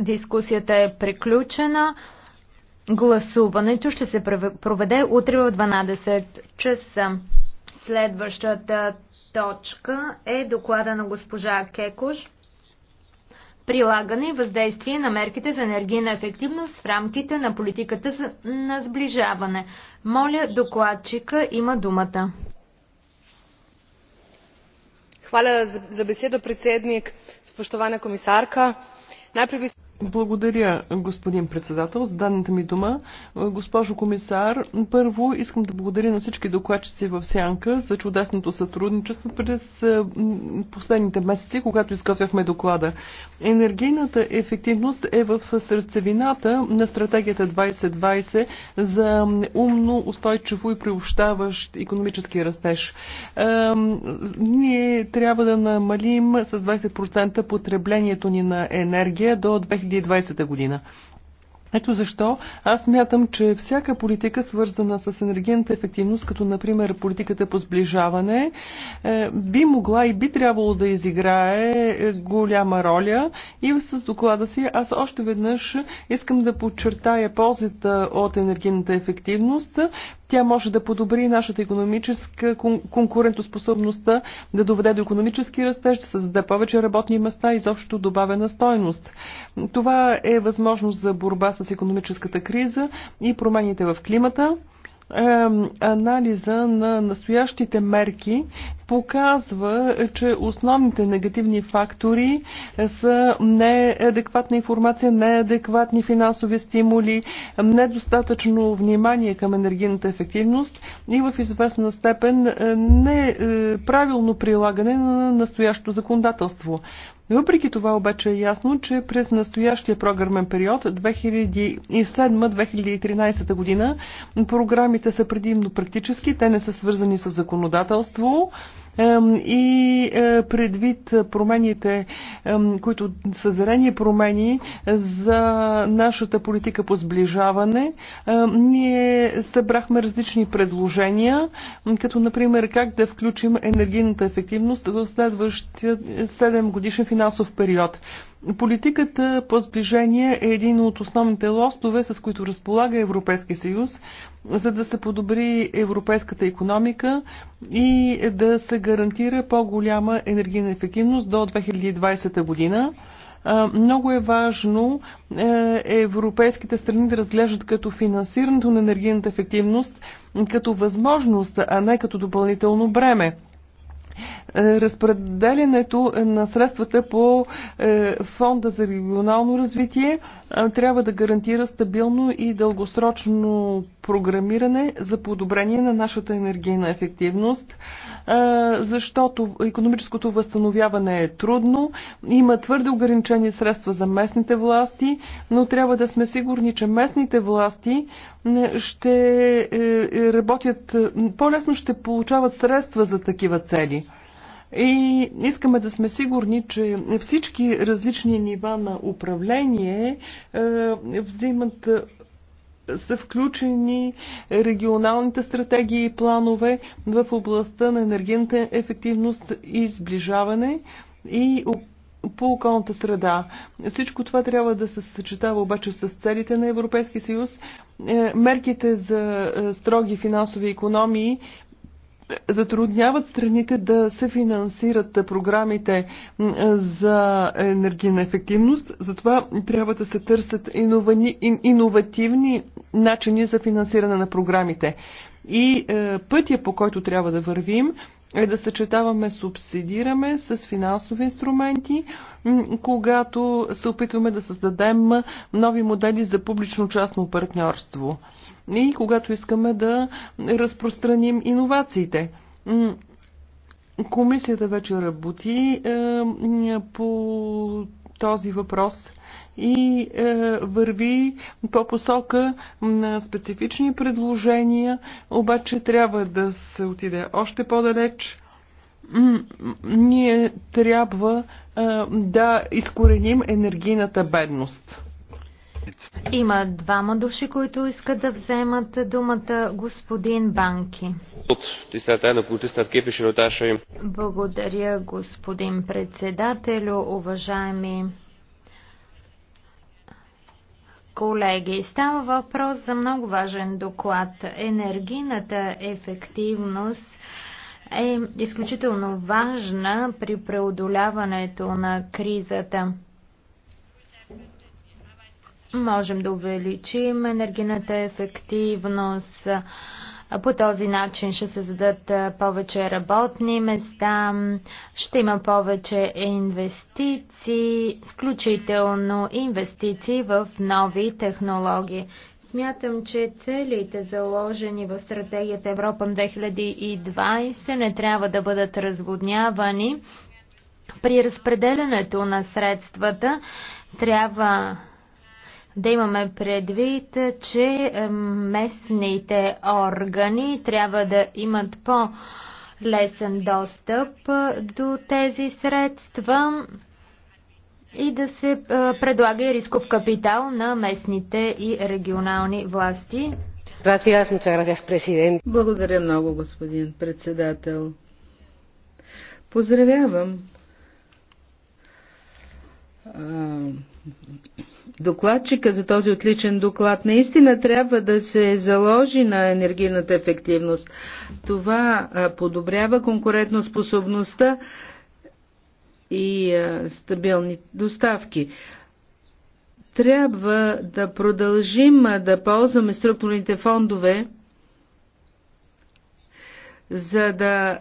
Дискусията е приключена. Гласуването ще се проведе утре в 12 часа. Следващата точка е доклада на госпожа Кекош. Прилагане и въздействие на мерките за енергийна ефективност в рамките на политиката на сближаване. Моля, докладчика има думата. Хваля за беседа, председник. Spoštovana комисарка. Най-при благодаря, господин председател, за данната ми дума. Госпожо комисар, първо искам да благодаря на всички докладчици в Сянка за чудесното сътрудничество през е, последните месеци, когато изготвяхме доклада. Енергийната ефективност е в сърцевината на стратегията 2020 за умно, устойчиво и приобщаващ економически растеж. Е, ние трябва да намалим с 20% потреблението ни на енергия до 2020 2020 година. Ето защо аз мятам, че всяка политика, свързана с енергийната ефективност, като например политиката по сближаване, е, би могла и би трябвало да изиграе е, голяма роля. И с доклада си аз още веднъж искам да подчертая ползата от енергийната ефективност. Тя може да подобри нашата економическа конкурентоспособността, да доведе до економически растеж, да създаде повече работни места и изобщо добавена стойност. Това е възможност за борба с с економическата криза и промените в климата анализа на настоящите мерки показва, че основните негативни фактори са неадекватна информация, неадекватни финансови стимули, недостатъчно внимание към енергийната ефективност и в известна степен е, неправилно прилагане на настоящото законодателство. Въпреки това обаче е ясно, че през настоящия програмен период 2007-2013 година програмите са предимно практически, те не са свързани с законодателство и е, предвид промените, които са зелени промени за нашата политика по сближаване, ние събрахме различни предложения, като например как да включим енергийната ефективност в следващия 7 годишен финансов период. Политиката по сближение е един от основните лостове, с които разполага Европейския съюз, за да се подобри европейската економика и да се гарантира по-голяма енергийна ефективност до 2020 година много е важно е, европейските страни да разглеждат като финансирането на енергийната ефективност като възможност, а не като допълнително бреме. Е, разпределянето на средствата по е, Фонда за регионално развитие е, трябва да гарантира стабилно и дългосрочно програмиране за подобрение на нашата енергийна ефективност, защото економическото възстановяване е трудно, има твърде ограничени средства за местните власти, но трябва да сме сигурни, че местните власти е, ще е, е, работят, по-лесно ще получават средства за такива цели. И искаме да сме сигурни, че всички различни нива на управление е, взимат са включени регионалните стратегии и планове в областта на енергийната ефективност и сближаване и по околната среда. Всичко това трябва да се съчетава обаче с целите на Европейския съюз, е, мерките за е, строги финансови економии затрудняват страните да се финансират програмите за енергийна ефективност. Затова трябва да се търсят иновативни начини за финансиране на програмите. И е, пътя, по който трябва да вървим, е да съчетаваме субсидираме с финансови инструменти, когато се опитваме да създадем нови модели за публично-частно партньорство и когато искаме да разпространим иновациите. Комисията вече работи е, по този въпрос и е, върви по посока на специфични предложения, обаче трябва да се отиде още по-далеч ние трябва е, да изкореним енергийната бедност. Има двама души, които искат да вземат думата господин Банки. Благодаря, господин председателю, уважаеми колеги. Става въпрос за много важен доклад. Енергийната ефективност е изключително важна при преодоляването на кризата. Можем да увеличим енергийната ефективност, по този начин ще се зададат повече работни места, ще има повече инвестиции, включително инвестиции в нови технологии. Смятам, че целите заложени в стратегията Европа 2020 не трябва да бъдат разводнявани. При разпределянето на средствата трябва да имаме предвид, че е, местните органи трябва да имат по-лесен достъп е, до тези средства и да се е, предлага и рисков капитал на местните и регионални власти. Благодаря много, господин председател. Поздравявам докладчика за този отличен доклад. Наистина трябва да се заложи на енергийната ефективност. Това подобрява конкурентоспособността и стабилни доставки. Трябва да продължим да ползваме структурните фондове за да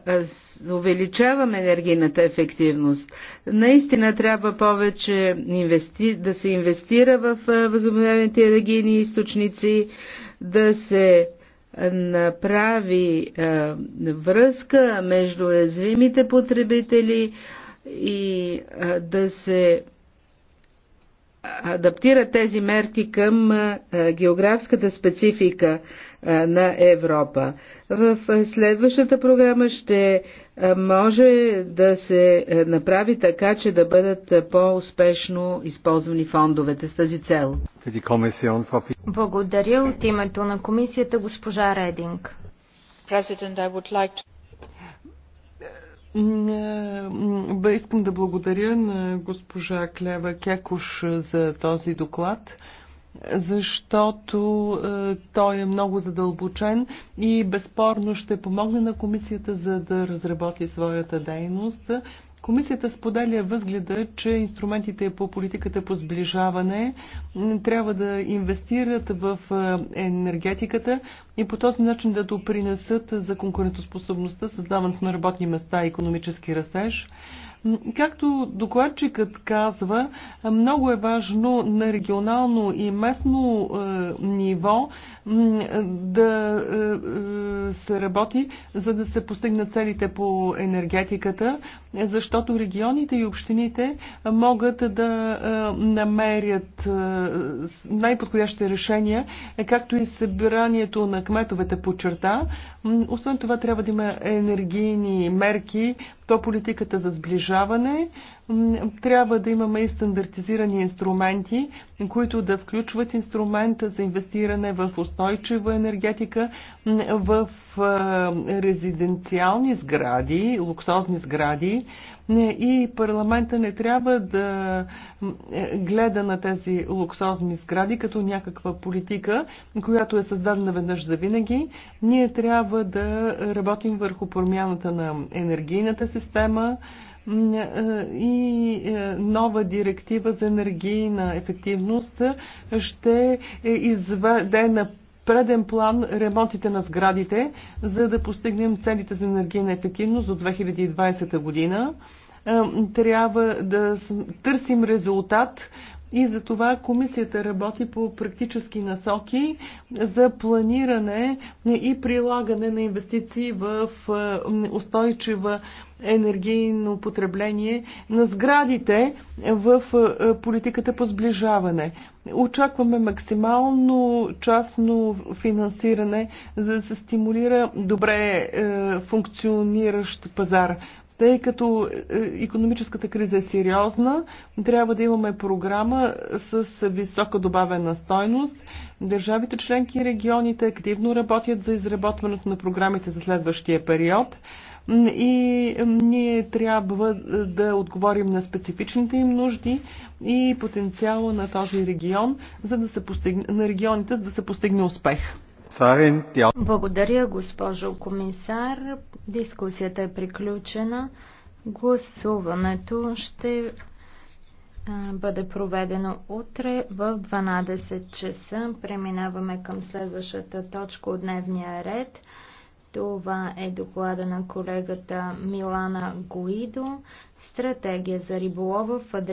увеличаваме енергийната ефективност. Наистина трябва повече инвести... да се инвестира в възобновяемите енергийни източници, да се направи връзка между уязвимите потребители и да се адаптират тези мерки към географската специфика на Европа. В следващата програма ще може да се направи така, че да бъдат по-успешно използвани фондовете с тази цел. Благодаря от името на комисията госпожа Рединг. Искам да благодаря на госпожа Клева Кекуш за този доклад защото е, той е много задълбочен и безспорно ще помогне на комисията за да разработи своята дейност. Комисията споделя възгледа, че инструментите по политиката по сближаване трябва да инвестират в е, енергетиката, и по този начин да допринесат за конкурентоспособността, създаването на работни места и економически растеж. Както докладчикът казва, много е важно на регионално и местно е, ниво да е, е, се работи, за да се постигнат целите по енергетиката, защото регионите и общините могат да е, намерят е, най-подходящи решения, е, както и събиранието на кметовете подчерта. Освен това трябва да има енергийни мерки то политиката за сближаване. Трябва да имаме и стандартизирани инструменти, които да включват инструмента за инвестиране в устойчива енергетика, в резиденциални сгради, луксозни сгради. И парламента не трябва да е, гледа на тези луксозни сгради като някаква политика, която е създадена веднъж за винаги. Ние трябва да работим върху промяната на енергийната система е, и е, нова директива за енергийна ефективност ще изведе на преден план ремонтите на сградите, за да постигнем целите за енергийна ефективност до 2020 година. Е, трябва да търсим резултат и за това комисията работи по практически насоки за планиране и прилагане на инвестиции в е, устойчива енергийно потребление на сградите в е, политиката по сближаване. Очакваме максимално частно финансиране, за да се стимулира добре е, функциониращ пазар. Тъй като економическата криза е сериозна, трябва да имаме програма с висока добавена стойност. Държавите членки и регионите активно работят за изработването на програмите за следващия период и ние трябва да отговорим на специфичните им нужди и потенциала на този регион, за да се постигне, на регионите, за да се постигне успех. Благодаря, госпожо комисар. Дискусията е приключена. Гласуването ще бъде проведено утре в 12 часа. Преминаваме към следващата точка от дневния ред. Това е доклада на колегата Милана Гоидо. Стратегия за риболова в Адриатичния.